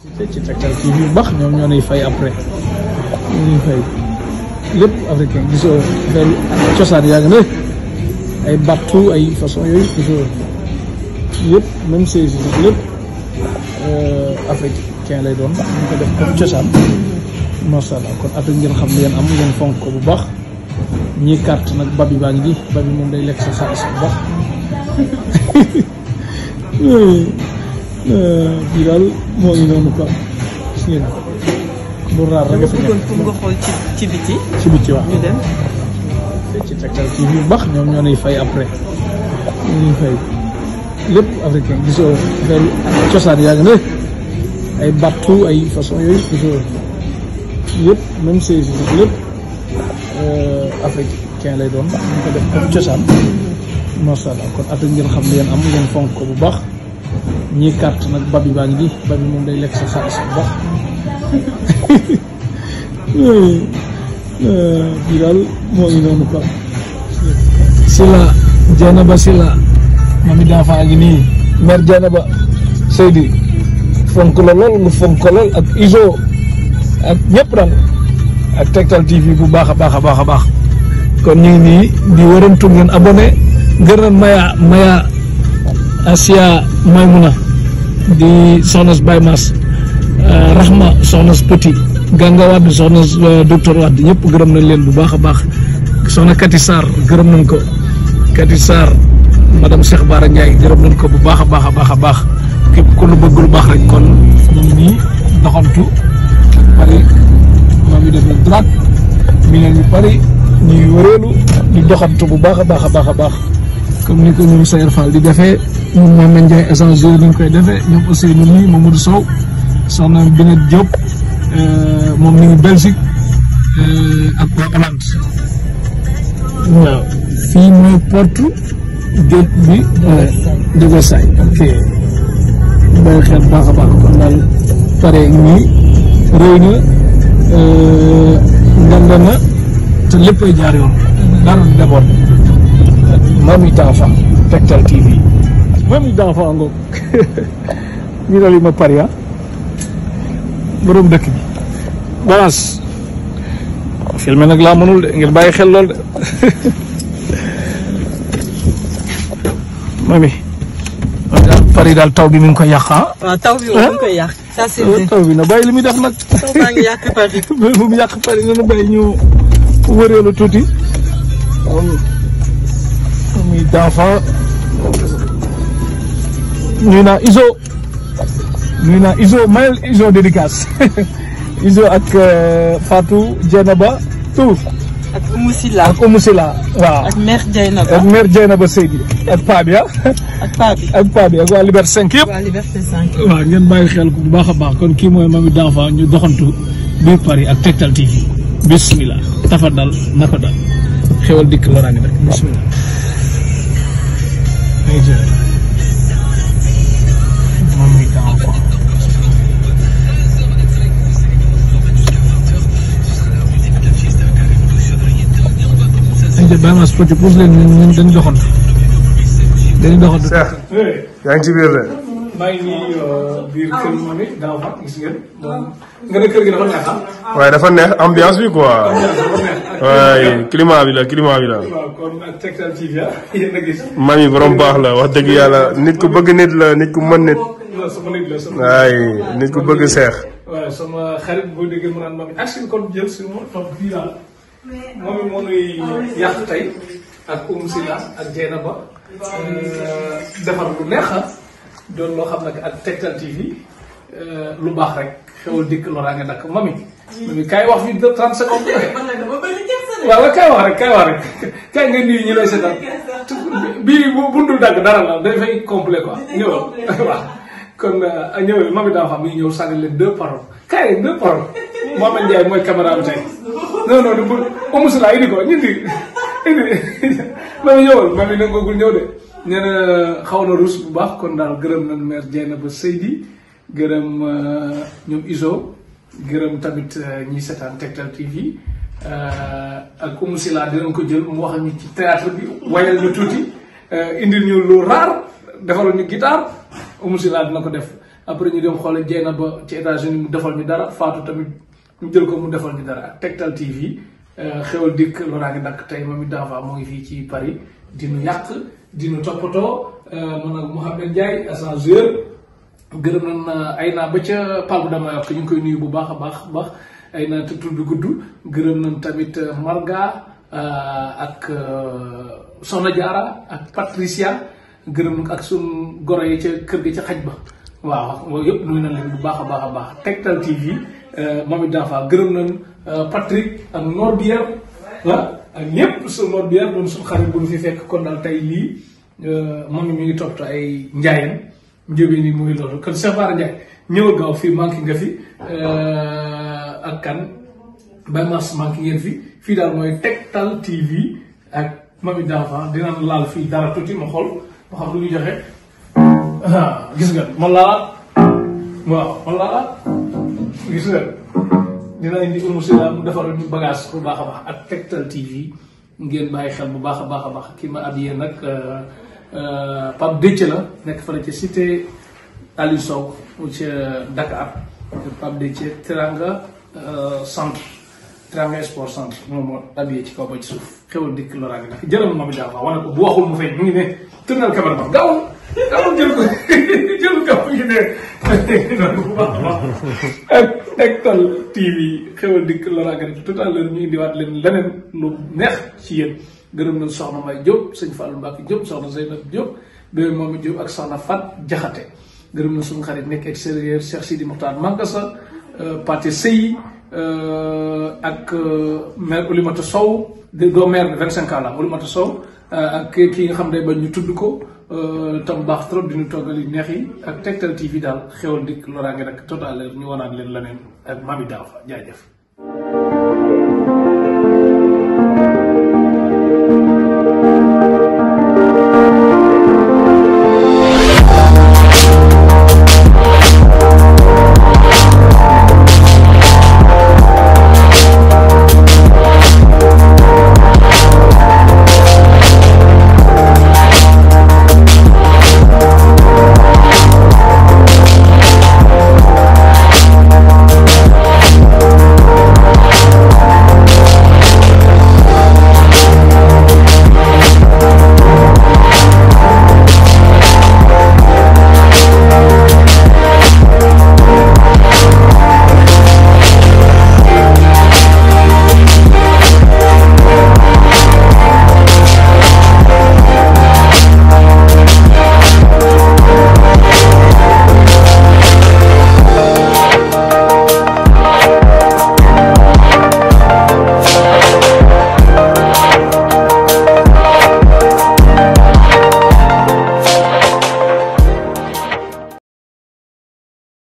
publicité ci Tektal TV bu baax ñoom ñoo lay fay après ñuy fay lépp africain gisoo affaire cosaan yaa ngi ne ay battu ay façon yooyu gisoo yëpp même saisi lépp euh, africain lay doon ñu ko def comme cosaan macha allah kon Afrique ngeen xam ngeen am ngeen fonk ko bu baax ñii carte nag babi baa ngi di babi moom day lekk sa saas bu baax kii daal moo ngi noonu quoi gis ci ci biti. ci biti waaw ñu dem. ci ñoo fay après ñoo ñuy fay lépp africain gisoo affaire cosaan yaa ngi ne ay battu ay façon yooyu gisoo yëpp même service bi lépp africain lay doon ñu cosaan macha allah kon Afrique ngeen xam ne yéen am ngeen fonk ko bu baax. ñii carte nag babi baa ngi nii babi moom day lekk sa xaalis bu baax bii daal moo ngi noonu quoi. Sila Dieynaba Sila mami dafa ngi nii mère fonk la lool fonk lool ak iso ak ñëpp daal ak Tektal TV bu baax a baax a baax a baax kon ñu nii di warantu ngeen abonné ngërëm maya maya Asia Maymuna di soxna si Baye Mass euh, Rahma soxna su Petit Ganga Wade soxna si euh, docteur Wade ñëpp gërëm nañ leen bu baax a baax soxna Kati Sarr gërëm nañ ko Kati Sarr madame baar Bara Ndiaye gërëm nañ ko bu baax a baax a baax a baax képp ku lu bëgg baax rek kon ñun ñii doxantu Paris moom def na droite mi neen ñu Paris wëreelu ñu doxantu bu baax a baax a baax a baax comme ni ko ñoom Sayer Fall di defee ñun moom lañ joxe essence jour ni koy defee ñoom aussi ma nii Mamadou Sow soxna Binet Diop euh, moom ni ngi Belgique euh, ak waa Hollande. waaw fii mooy porte géej bi. Euh, de Versailles ok xel baax a baax kon daal pare nii rëy na nganda te léppay jaar yoon dara d'abord. Mami Danfa Tektal TV Mami Danfa ngoog ñu ne li ma pari ah dëkk bi balance filmé nag laa mënul de ngeen bàyyi xel lool de mami daal pari daal taw bi mu ngi koy yàq ah. taw bi mi ngi koy yàq. taw bi na bàyyi li muy def nag. taw baa ngi yàq pari. bu mu na bàyyi ñu wëreelu tuuti. famille d'enfants nuyu naa Iso nuyu naa Iso mayel Iso dédicace Iso ak euh, Fatou Dieynaba Tour ak Oumou Sila ak Oumou Sila waaw. ak mère Dieynaba ak mère Dieynaba Seydi ak Paa bi ah. ak Paa bi ak Paa bi ak waa Liberté 5 yëpp. waa Liberté 5. waaw ngeen bàyyi xel bu baax a baax kon kii mooy mami d'enfant ñu doxantu biir Paris ak Tektal TV bisimilah tafadal naka dal xewal dikk loraange rek bisimilah. bama spoti pousse leen ñun ñun dañu doxantu dañu doxantu yaa ngi ci biir de maa ngi nii biir kër moom it daaw gis ngeen nga ne kër gi dafa neex waaye dafa neex ambiance bi quoi waay climat bi la climat bi la. kon Tektal TV ah, yéen mami borom baax la wax dëgg yàlla nit ku bëgg nit la nit ku mën nit. waay nit ku bëgg seex. waaw sama xarit boo déggee mu naan mami jël suñu toog bii la mami moo nuy yàq ak euh, ah. Tektal TV euh, lu baax rek xewal dikk loraa nga mami mami wax fi de 30 secondes waaw kay wax rek kay wax rek kay nga nuyu ñu lay seetaan bii bu buntu dagg dara la dafay complet quoi ñëwal waaw kon euh, ñëwal mami daa xam ñëw sànni leen deux paroles kay leen deux paroles Mohamed Ndiaye mooy caméra am ñëw de ñu bu baax kon daal gërëm nañ mère Dieynaba Seydi gërëm euh, ñoom Iso gërëm tamit euh, ñi seetaan Tektal Euh, ak Oumou Sylla dinañ ko jël mu wax ñu ci théâtre bi wayal ñu tuuti euh, indil ñu lu raar defal ñu guitare Oumou Sylla dina ko def après ñu dem xool jey na ba ci États-Unis mu defal ñu dara Fatou tamit ñu jël ko mu defal ñu dara Tektal TV euh, xewal dikk loraa ngi dakk tey moom it dafa moo fii ci Paris dinu yàq dinu toppatoo man ak Mouhamed Ndiaye agent joueur gërëm nañ ay naa ba ca Palme de Mallorca ñu ngi koy nuyu bu baax a baax baax ay na te tudd gudd gërëm nañ tamit euh, Marga euh, ak euh, Soxna Jaara ak Patricia gërëm ak sun goro yi ca kër gi ca xaj ba waaw loolu yëpp nuyu na bu baax a baax a baax Tektal TV moom it dafa gërëm nañ Patrick ak Norbière ah ak ñëpp su Norbière doon suñu fekk kon daal tey lii moom mi ngi topp ay njaayam njóobeen yi mu ngi loolu kon Cheikh Bara Ndiaye ñëw gaaw fii manqué nga fi. ak kan bay mas manqué ngeen fi fii daal mooy Tektal TV ak Mamy Diafan dinañ laal fii dara tuuti ma xool ma xam lu joxe ah, gis nga ma laalaat waaw ma laalaat gis nga dina indi Oumou Sylla mu defaral ñu bagage bu baax a baax ak Tektal TV ngeen bàyyi xel bu baax a baax a baax kii ma abiyee nag euh, euh, Pape Déthié la nekk fële ca cité Aliou ca Dakar Pape Déthié Teranga Euh, centre traverse port centre moom moo abiyee ci kaw ba ci suuf xewal dikk loraange ndax jëlal ma bi daal ak Tektal TV xewal dikk loraange ndax tout à l'heure ñu indiwaat leen lu neex ci yéen gërëm nañ soxna May Diop sëñ Fallou Mbacke Diop soxna Zeynab Diop bébé moom Diop ak soxna Fat Jaxate gërëm na suñu xarit nekk extérieur Cheikh Sidi Mokhtar Mangasa euh, Pathé Sey euh, ak euh, maire Oulimata Sow doo maire vingt cinq ans la Oulimata Sow ak ki nga xam ne bañ ñu tudd ko tam baax trop di ñu toggal yu neex yi ak Tektal TV daal xewal dikk loraange nag total ñu wanaat leen leneen ak Mamy Dafa jaajëf